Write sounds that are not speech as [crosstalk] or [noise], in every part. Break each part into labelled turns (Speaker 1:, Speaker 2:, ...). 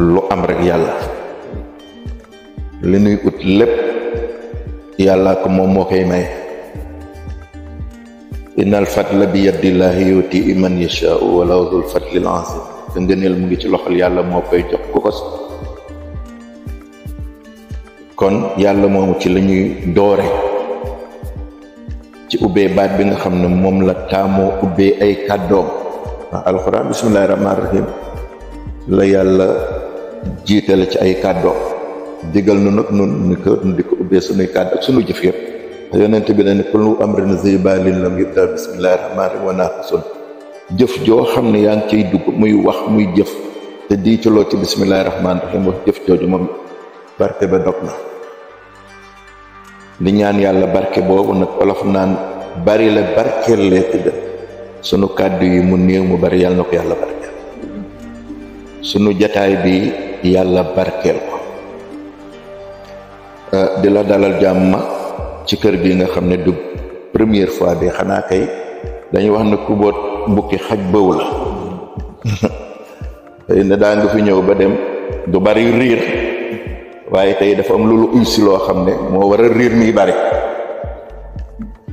Speaker 1: lu am rek yàlla li nuy ut lépp yàlla ko moom moo koy may innal fadla bi yaddillahi yuti man yashaau walaw dul fadlil azim te ngëneel mu ci loxol yàlla moo koy jox ku kon yàlla moomu ci la ñuy doore ci ubbee baat bi nga xam ne moom la taamoo ubbee ay kàddoom alxuraan bismillahi rahmaani rahim la yàlla jiite la ci ay kàddoom digal nu nag nun ni ko di ko ubbee sunuy kàddu sunu jëf yëpp yonent bi ne kullu amri zi baalin lam yubda bismillahi rahmani wa naafasun jëf joo xam ne yaa ngi ciy dugg muy wax muy jëf te di ci loo ci bismillahi rahmani rahim wax jëf jooju moom barke ba dog na di ñaan yàlla barke boobu nag olof naan bari la barkeel lee tëdd sunu kàddu yi mu néew mu bari yàlla na ko yàlla barkeel sunu jataay bi yàlla barkel ko de la dalal jamma ci keur bi nga xamne du première fois bi xana kay dañ wax na ku bot mbuki xaj bëw la [laughs] tey ne daa nga fi ñew ba dem du bari rir waye tay dafa am loolu uy ci lo xamne mo wara rir mi bari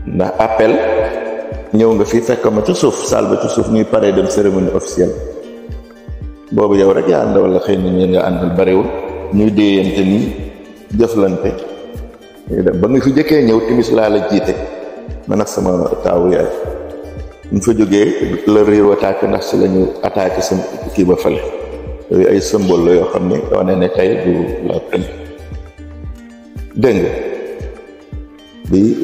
Speaker 1: ndax appel ñew nga fi fekk ma ci suuf saal ci suuf ñuy paré dem cérémonie officielle boobu yow rek yaa ndawal wala xëy na ñi nga àndal bariwul ñuy déeyante nii jëflante ba nga fi jëkkee ñëw timis laa la jiite man ak sama taawu yaay ñu fa jógee la riir attaque ndax si lañu ñu attaqué sa kii ba fale yooyu ay symbole la yoo xam ne wane ne tey du la peine dégg bi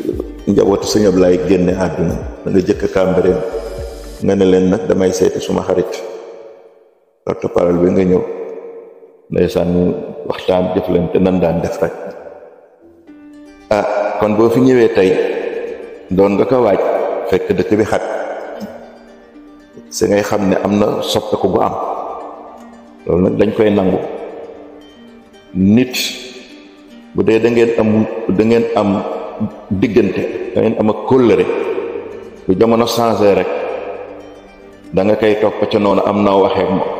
Speaker 1: njabootu sëñ Ablaay génne àdduna da nga jëkk kàmbareen nga ne leen nag damay seeti suma xarit porte-parole bi nga ñëw ndeysaan ñu waxtaan jëflante nan daan def rek ah kon boo fi ñëwee tey doon nga ko waaj fekk dëkk bi xat si ngay xam ni am na soppeeku bu am loolu dañ koy nangu nit bu dee da ngeen am da am diggante da ngeen am ak kóllëre bu jamono changé rek danga koy topp ca noonu am na waxee moom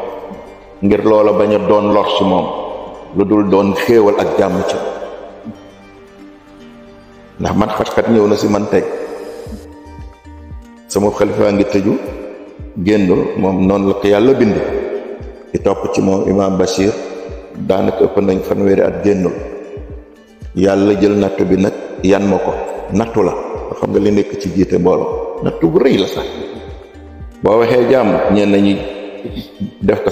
Speaker 1: ngir lolo baña don lor ci mom ludul don xewal ak jàmm ci ndax man fat kat ñew na si man tay sama khalifa ngi teju gendo mom non la ko yalla bind ci top ci mom imam bashir danaka ëpp nañ wéré at gendo yalla jël natt bi nak yan ma ko la xam nga li nekk ci jité mbolo bu la sax bo ñen nañu def ko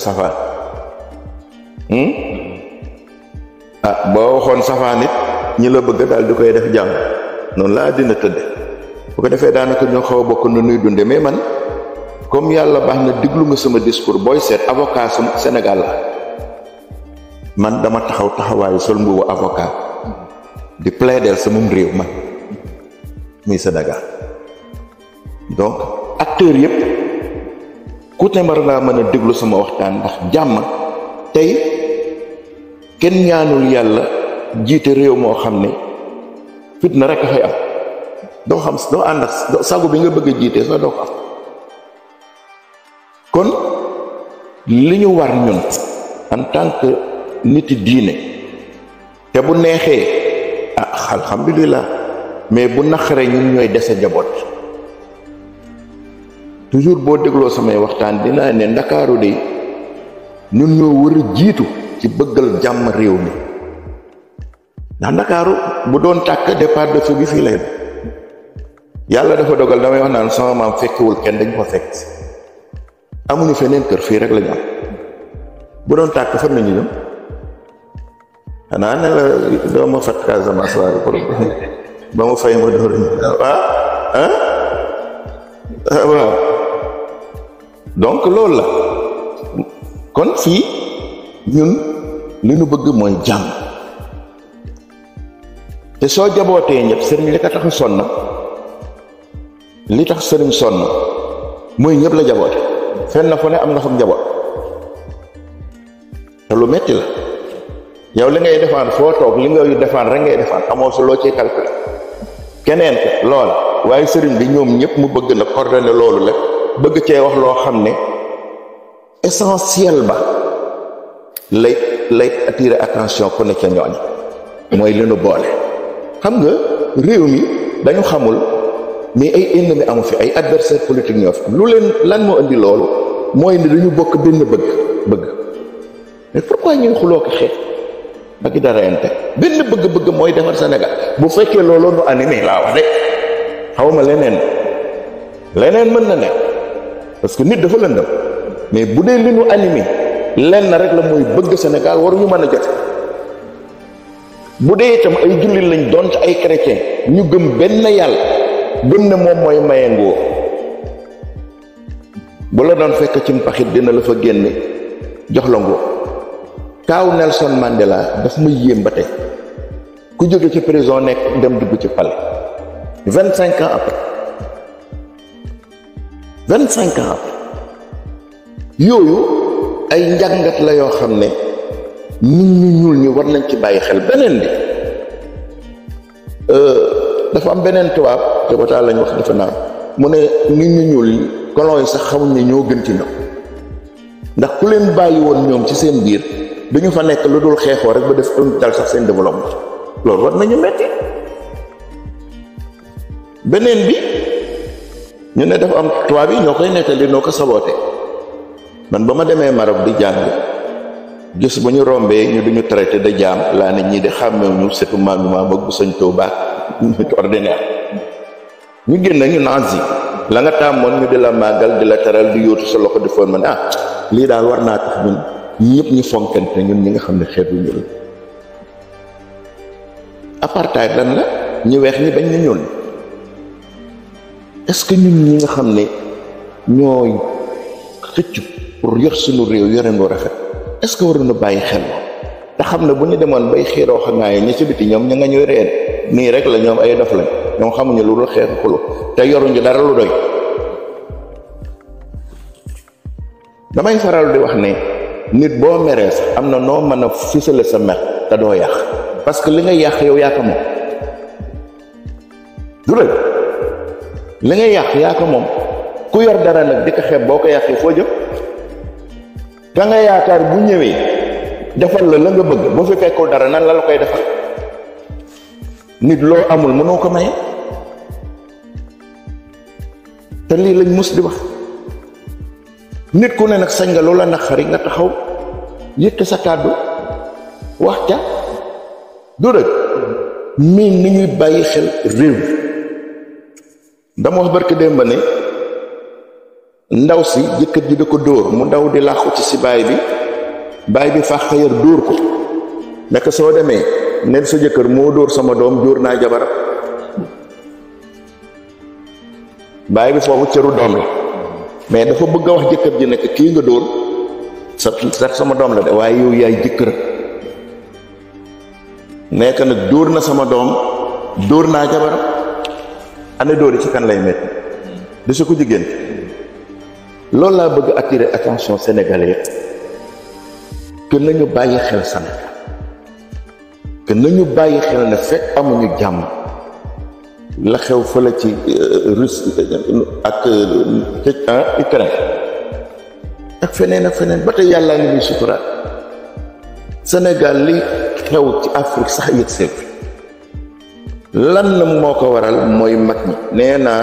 Speaker 1: hmm? ah bo waxoon safa nit ñi la bëgg dal dikoy def jàmm non la dina tedd bu ko defee daanaka ñu xaw a bokk nu nuy dundé mais man comme yalla baax na diglu nga sama discours boy set avocat Sénégal la man dama taxaw taxaway sol mbubu avocat di plaider sama réew man muy Sénégal donc acteur yépp ku sama waxtaan ndax tay ken ñaanul yàlla jiite réew moo xam ne fitna rek fay am doo xam doo ànd ak sago bi nga bëgg a jiite sax doo kon li ñu war ñun en tant que niti diine te bu neexee ah alhamdulilah mais bu naqaree ñun ñooy dese njaboot toujours boo dégloo samay waxtaan dinaa ne ndakaaru de ñun ñoo war a ci bëggal jàmm réew mi ndax ndakaaru bu doon tàkk depart de feu fii lay yàlla dafa dogal damay wax naan soo maam fekkiwul kenn dañ ko fekk amuñu feneen kër fii rek la ñu am bu doon tàkk fan nañu ñëw xanaa ne la doo ma fat Casamance waaye [laughs] ba ma fay ma door ah? Ah? ah waaw donc loolu la kon fii ñun li nu bëgg mooy jàmm te soo jabootee ñëpp sëriñ li ka tax a sonn li tax sëriñ sonn mooy ñëpp la jaboote fenn fu ne am nga xam njaboot te lu metti la yow li ngay defaan foo toog li nga defaan rek ngay defaan amoo su loo ciy calculé keneen ko lool waaye sëriñ bi ñoom ñëpp mu bëgg na coordonné loolu la bëgg cee wax loo xam ne essentiel ba lay lay attirer attention ku ne ca ñooñ mooy lenu boole xam nga réew mi dañu xamul mais ay ennemi amu fi ay adversaire politique ñoo fi lu leen lan moo indi loolu mooy ni dañu bokk benn bëgg bëgg mais pourquoi ñuy xuloo ko xeex ba ki dara ente benn bëgg-bëgg mooy defar Sénégal bu fekkee looloo nu animé laa wax de xawma leneen leneen mën na ne parce que nit dafa lëndëm mais bu dee li nu animé lenn rek la mooy bëgg sénégal war ñu mëna jot bu dee itam ay jullil lañ doon ci ay chrétien ñu gëm benn yalla gëm ne mom moy mayengo bu la doon fekk ci mpaxit dina la fa génné jox la ngo kaw nelson mandela daf ma yéem ba tey ku jóge ci prison nek dem dugg ci palais 25 ans après 25 ans après yo. ay njàngat la yoo xam ne nit ñu ñuul ñi war nañ ci bàyyi xel beneen bi euh, dafa am beneen tubaab te ba lañ wax defe naa mu ne nit ñu ñuul colon yi sax xamuñ ne ñoo gën ci ñoom ndax ku leen bàyyi woon ñoom ci seen biir duñu fa nekk lu dul xeexoo rek ba def un dal sax seen développement loolu war nañu metti beneen bi ñu ne dafa am tubaab yi ñoo koy nettali noo ko saboote man bama ma marok di jang gis buñu rombé ñu duñu traité de jam la nit ñi di xamé ñu maam maam ak bu señ Tuubaa nit ordinaire ñu génn ñu nazi la nga tàmmoon ñu di la magal di la teral di yotu sa loxo di fon man ah li daal war na tax ñun ñepp ñu fonkante ñun ñi nga xamné xéet xeetu ñul apartheid lan la ñu wéx ni bañ ñu ñul est-ce que ñun ñi nga xamné ñoy xëccu pour yor sunu réew yoreen bu rafet est ce que waroon na bàyyi xel te xam ne bu ñu demoon bay xiiroo xanaa yi ñi ci biti ñoom ña nga ñuy reen nii rek la ñoom ay dof lañ ñoom xamuñu lu dul xeex xulu te yoruñu dara lu doy damay faral di wax ne nit boo meree am na noo mën a fisale sa mer te doo yàq parce que li nga yàq yow yaaka moom du li nga yàq yaaka moom ku yor dara nag di ko xeeb boo ko yàqee foo jëm ka nga yaakaar bu ñëwee defal la la nga bëgg boo fi fekkul dara nan la la koy defal nit loo amul mënoo ko maye te lii lañ mus di wax nit ku ne nag sañ nga loola naqari nga taxaw yëkk sa kàddu wax ca du rek mais ni bàyyi xel réew dama wax barke démb ne ndaw si jëkkër ji da ko dóor mu ndaw di làqu ci si baay bi baay bi faax xëyar dóor ko nekk soo demee nel sa jëkkër moo dóor sama doom dóor naa jabar baay bi foofu cëru doom la mais dafa bëgg a wax jëkkër ji nekk kii nga dóor sa sax doom la de waaye yow yaay nag dóor na sama doom dóor naa jabaram ana dóori ci kan lay metti di su ko jigéen loolu laa bëgg attirer attention sénégalais yëpp que nañu bàyyi xel Sénégal que nañu bàyyi xel ne fekk amuñu jàmm la xew fële ci euh, Russie euh, ak euh, ah, Ukraine ak feneen ak feneen ba tey yàllaa ngi ñuy suturaat Sénégal li xew ci Afrique sax yëg seef lan la moo ko waral mooy mag ñi nee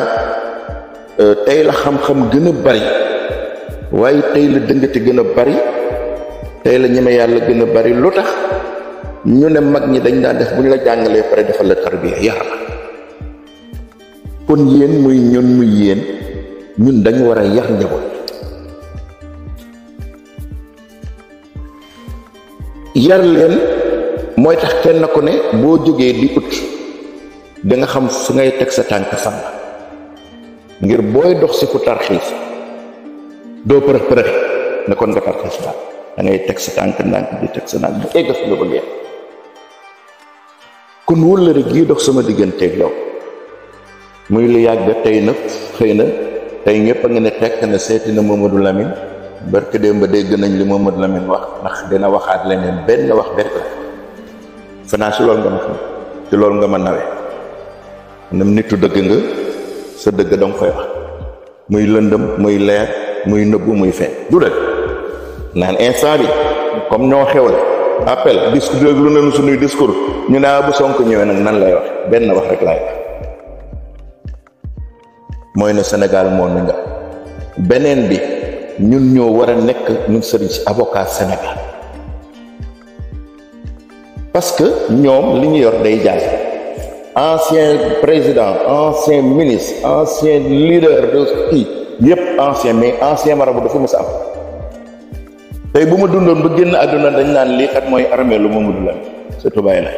Speaker 1: tey la xam-xam gën a bari waaye tey la dëngate gën a bari tey la ñeme yàlla gëna bari lu tax ñu ne mag ñi dañ daan def bu ñu la jàngalee pare defal la tarbiya yar la kon yéen muy ñun muy yéen ñun dañu war a yar njaboot yar leen mooy tax kenn ko ne boo jógee di ut da xam su ngay teg sa tànk fan ngir booy dox si ku tarxiif doo përëx përëx ne kon nga participer da ngay teg sa tànk ndànk di teg sa ndànk ba egg fi nga bëgg kon wóllëre gii dox sama digganteeg yow lu yàgg tey nag xëy na tey ñëpp a ngi ne tekk na seeti na Mamadou Lamine barke démb dégg nañ li Mamadou Lamine wax ndax dina waxaat leneen wax benn si lool nga ma loolu nga ma nawe nam nitu dëgg nga sa dëgg danga koy wax muy lëndëm muy leer muy nëbbu muy feeñ du dëgg naan instant bi comme ñoo xewle appel discours lu nañu suñuy discours ñu naa ah, bu Sonko ñëwee nag nan lay wax benn wax rek laay mooy ne Sénégal moo ñu nga beneen bi ñun ñoo war a nekk ñun sëriñ si avocat Sénégal parce que ñoom li ñu yor day jaay ancien président ancien ministre ancien leader de kii ancien mais ancien marabout dafa mësa am tay buma dundon ba genn aduna dañ nan li kat moy armée lu Mamadou Lamine surtout bàyyi la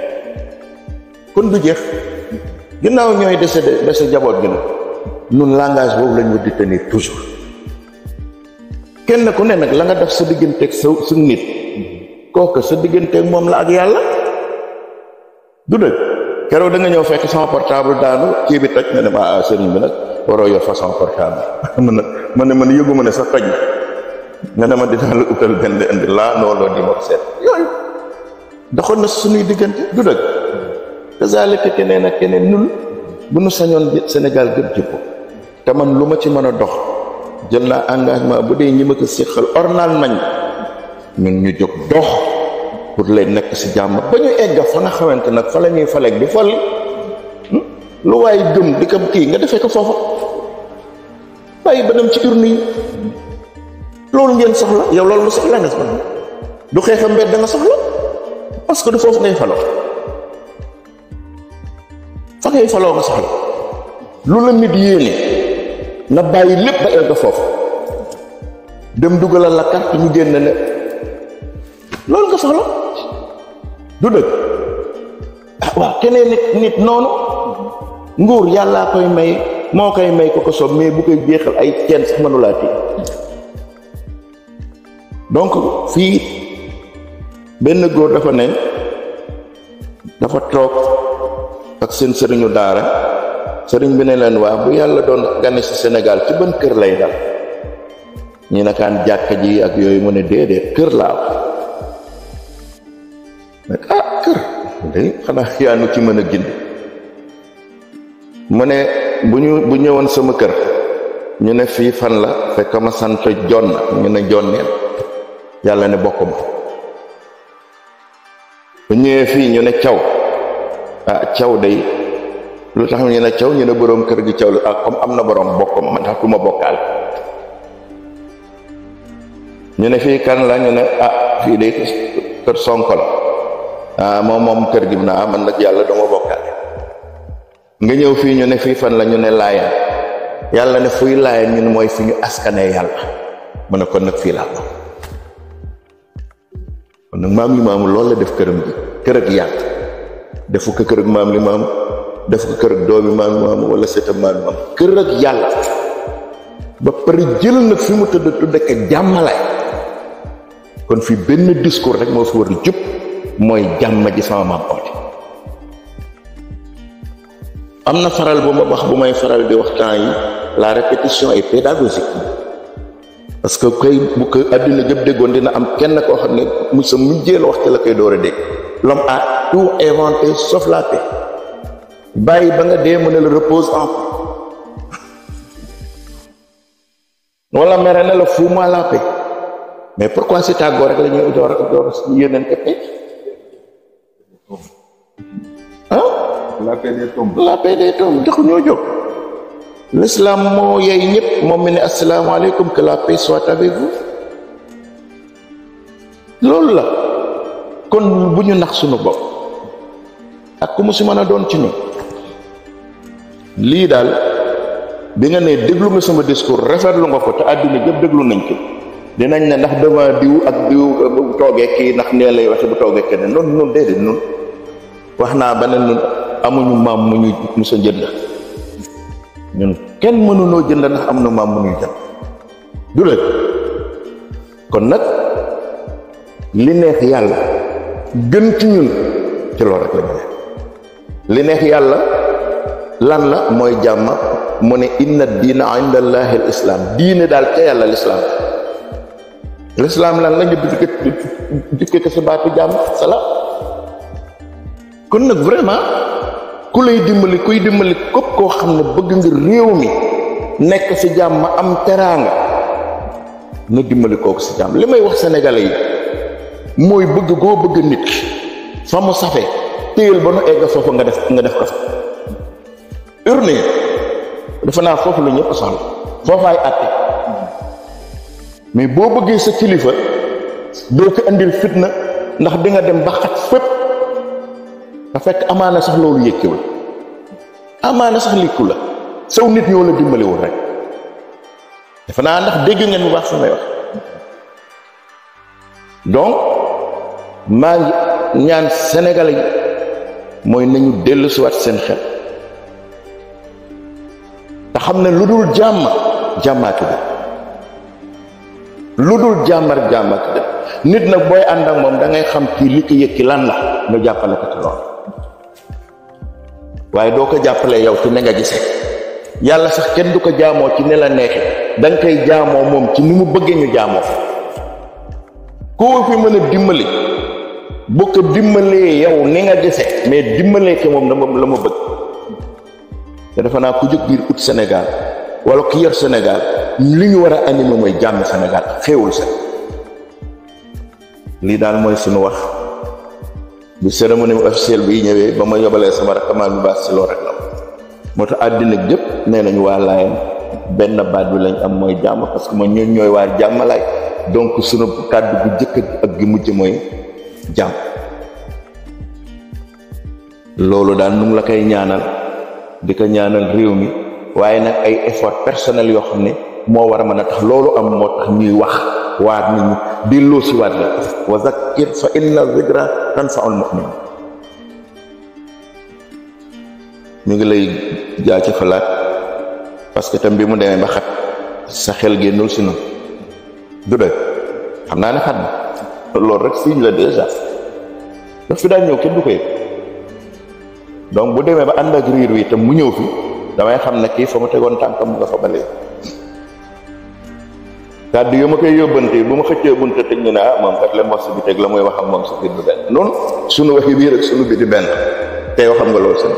Speaker 1: kon du jeex ginnaaw ñooy dese dese jabot gi nag nun langage bobu lañ war di tenir toujours kenn ku ne nak la nga def sa digënté ak sa su nit kooku sa digënté ak mom la ak yalla du deug kéro da nga ñëw fekk sama portable daanu ci bi tax na ne ma sëriñ bi nak waroo yor façon portable man man mën na sa a yëgu mën a sa utal ben de dinaa la no lo di mo set yoy doxoon na suñuy digante du dëgg kazalika keneen ak keneen nun bu nu sañoon Sénégal te man luma ci mën dox jël naa engagement bu dee ñima ko séqal ornal nañ ñun ñu jóg dox pour lay nek ci jamm ba ñu egg fa nga xawante nak fa lañuy falek di fal hmm? lu way gëm di ki nga ko fofu bàyyi ba dem ci loolu ngeen soxla yow loolu nga soxla nga soxla du xeexa mbedd nga soxla parce que du foofu ngay faloo fa ngay faloo nga soxla lu la nit yéene nga bàyyi lépp ba egg foofu dem dugalal la carte ñu génn la loolu nga soxla du dëgg ah, waaw keneen nit noonu nguur yàllaa koy may mo kay may ko ko somme bu koy jeexal ay ceen sax mënulaa ti donc fi ben goor dafa ne dafa tok ak sen sëriñu dara sëriñ bi ne len wa bu yalla don gane ci Sénégal ci ban kër lay dal ñi nakan jàkka ji ak yoy mu ne déedéet kër laa nak ah kër day xana xiyanu ci mën gindi mu ne bu ñu bu sama kër ñu ne fan la fekk ma sant jonn ñu ne jonneel yàlla ne bokk bu ñëwee ñu ne ah day lu tax ñu ne caw ñu ne borom kër gi caw la ah, am na borom man tax ñu ne kan la ñu ne ah fii day kër sonko ah kër gi na ah, man nga ñew fi ñu ne fi fan la ñu ne lay yàlla ne fuy lay ñun moy fi ñu askane yàlla mu ne kon nak fi la ko kon nag maam li loolu la def kërëm bi kër ak defu ko kër ak maam li def ko kër ak doomi maam li wala sëtam maam li kër ak ba pare jël nak fi mu tudd tudd ak jàmmalaay kon fi ben discours rek mo fi wër jup moy jamma ji sama maam am na faral bu ma wax bu may faral di wax temps yi la répétition est pédagogique parce que koy bu ko adduna jëpp déggoon dina am kenn koo xam ne mu sa mujjeel wax ci la koy door a dégg l'homme a tout inventé sauf la paix bàyyi ba nga dee mu ne la repose en la paix mais pourquoi si tàggoo rek la ñuy door door yéneen paix la penetum la penetum duk nyojok l'islamo yenyep ya momene assalamu alaikum que la paix soit avec vous loolu la kon buñu ñu nax sunu bopp ak ku musu si mën doon ci ñu li dal bi nga ne eh, deglu nga sama discours refet lu nga ko te àdduna jëpp deglu nañ ko dinañ ne ndax dama diw ak diw bu toogee kii ndax ne lay waxe bu toge ken non non dede non waxna banen non amuñu maam mu ñu musa jënd ñun kenn mënuloo jënd ndax am na maam mu ñuy jënd du rek kon nag li neex yàlla gën ci ñun ci loolu rek la ñu ne li yàlla lan la mooy jàmm mu ne inna diina inda allahi al islam diine daal ca yàlla lislaam lislaam lan la nga dikk dikk ko baatu jàmm salaam kon nag vraiment ku lay dimbali kuy dimbali képp ko xamne bëgg nga réew mi nekk ci jamm am teranga na dimbali kooku ci jamm limay wax sénégalais yi moy bëgg go bëgg nit famu safé safe ba nu égg fofu nga def nga def ko urné dafa na fofu lu ñëpp fofu ay atté mais bo bëggé sa kilifa do ko andil fitna ndax di nga dem ba xat fepp da fekk amana sax lolu yekewul amana sax likku la saw nit ñoo la dimbali wu rek da fa na ndax dégg ngeen bu baax samay wax donc ma ñaan sénégalais moy nañu nañu dellu wat seen xel te xam ne lu dul jàmm jàmmaaki dem lu dul jàmmar jàmmaaki nit nak boy andak mom da ngay xam ki liki yekki lan la nga jàppale ko ci loolu waaye doo ko jàppale yow ci ne nga gise yàlla sax kenn du ko jaamoo ci ne la neexe da koy jaamoo moom ci ni mu bëggee ñu jaamoo koo fi mën a dimbali bu ko dimbalee yow ni nga gise mais dimbalee ki moom dama la ma bëgg te defe naa ku jóg biir ut Sénégal wala ku yor Sénégal li ñu war a animé mooy jàmm Sénégal xéewul sax lii daal mooy suñu wax bi ceremony officiel bi ñëwee ba ma yobalee sama rakamaan bi baas si loo rek la motu adina àddina gépp nee nañu waa benn baat bi lañ am moy jamm parce que mo ñoy ñoy ñooy jamm lay donc suñu kaddu bu jëk ak gi mujj moy jamm lolu daan nu la kay ñaanal di ñaanal réew mi waaye nak ay effort personnel yo xamné mo wara mëna tax lolu am mo tax ñuy wax waat nit ñi delloo si waat la wa zakkir fa inna zikra tanfaul mu'min ñu ngi lay jaa ci falaat parce que tam bi mu demee ba xat sa xel génnul si noonu du doy xam naa ne xat na loolu rek siñ la déjà daf fi daan ñëw kenn du ko yëg donc bu demee ba ànd ak riir wi itam mu ñëw fi damay xam ne kii fa mu tegoon tànkam nga fa balee kaddu yuma ma koy yóbbante bu ma xëccee bunta teg ñu ne kat la wax bi teg la muy wax ak moom sa biir du benn sunu waxi bi rek sunu bi di benn tey waxam nga lo sen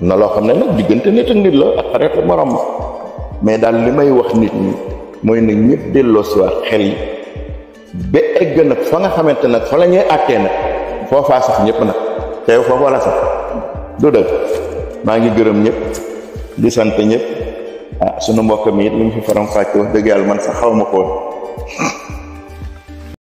Speaker 1: amna lo xamne nak ne nit ak nit la ak xarit morom mais dal limay wax nit ni moy ne ñepp delo ci waat xel be egg nak fa nga xamantene nak fa lañuy ñuy nak nag sax ñepp nak tay foofu wala sax do deug ma ngi gëreem ñepp di sante ñepp ah sunu mbokk mi it lu mu fi faram dëgg yàlla man sax xaw ma ko woon